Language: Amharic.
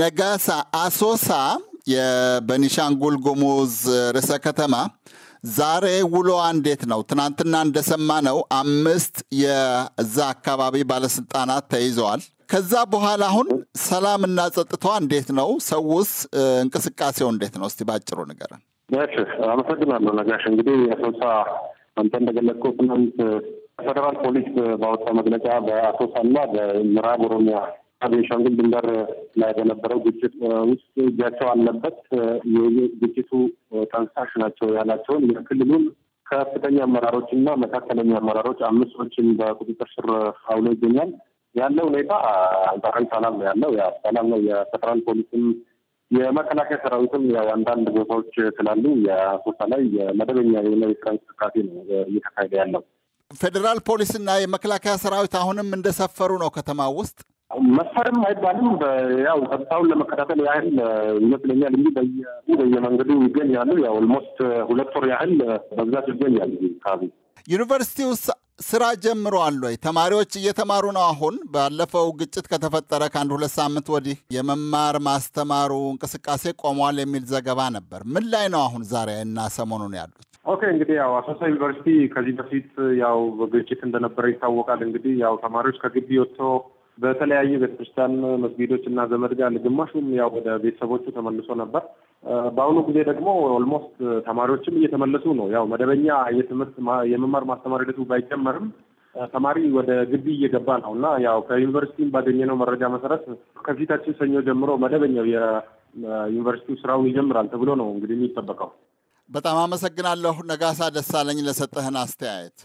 ነጋሳ አሶሳ የበኒሻንጉል ጉሙዝ ርዕሰ ከተማ ዛሬ ውሎዋ እንዴት ነው? ትናንትና እንደሰማ ነው አምስት የዛ አካባቢ ባለስልጣናት ተይዘዋል። ከዛ በኋላ አሁን ሰላም እና ጸጥታ እንዴት ነው? ሰውስ እንቅስቃሴው እንዴት ነው? እስቲ ባጭሩ ንገረን። አመሰግናለሁ ነጋሽ። እንግዲህ የአሶሳ አንተ እንደገለጽከው ትናንት ፌደራል ፖሊስ ባወጣ መግለጫ በአሶሳና በምዕራብ ኦሮሚያ ቤንሻንጉል ድንበር ላይ በነበረው ግጭት ውስጥ እጃቸው አለበት የግጭቱ ጠንሳሽ ናቸው ያላቸውን የክልሉን ከፍተኛ አመራሮች እና መካከለኛ አመራሮች አምስት ሰዎችን በቁጥጥር ስር አውሎ ይገኛል። ያለው ሁኔታ አንጻራዊ ሰላም ነው ያለው ሰላም ነው። የፌደራል ፖሊስም የመከላከያ ሰራዊትም ያው አንዳንድ ቦታዎች ስላሉ የአሶሳ ላይ የመደበኛ የሆነ የስራ እንቅስቃሴ ነው እየተካሄደ ያለው። ፌዴራል ፖሊስና የመከላከያ ሰራዊት አሁንም እንደሰፈሩ ነው ከተማ ውስጥ መሰርም አይባልም። ያው ጸጥታውን ለመከታተል ያህል ይመስለኛል እንጂ በየመንገዱ ይገኛሉ። ያው ኦልሞስት ሁለት ወር ያህል በብዛት ይገኛል። ካቢ ዩኒቨርሲቲ ውስጥ ስራ ጀምረዋል ወይ? ተማሪዎች እየተማሩ ነው? አሁን ባለፈው ግጭት ከተፈጠረ ከአንድ ሁለት ሳምንት ወዲህ የመማር ማስተማሩ እንቅስቃሴ ቆሟል የሚል ዘገባ ነበር። ምን ላይ ነው አሁን ዛሬ እና ሰሞኑን ያሉት? ኦኬ እንግዲህ ያው አሶሳ ዩኒቨርሲቲ ከዚህ በፊት ያው ግጭት እንደነበረ ይታወቃል። እንግዲህ ያው ተማሪዎች ከግቢ ወጥቶ በተለያዩ ቤተክርስቲያን መስጊዶች እና ዘመድ ጋር ግማሹም ያው ወደ ቤተሰቦቹ ተመልሶ ነበር። በአሁኑ ጊዜ ደግሞ ኦልሞስት ተማሪዎችም እየተመለሱ ነው። ያው መደበኛ የትምህርት የመማር ማስተማር ሂደቱ ባይጀመርም ተማሪ ወደ ግቢ እየገባ ነው እና ያው ከዩኒቨርሲቲም ባገኘነው መረጃ መሰረት ከፊታችን ሰኞ ጀምሮ መደበኛው የዩኒቨርሲቲው ስራውን ይጀምራል ተብሎ ነው እንግዲህ የሚጠበቀው። በጣም አመሰግናለሁ ነጋሳ ደሳለኝ ለሰጠህን አስተያየት።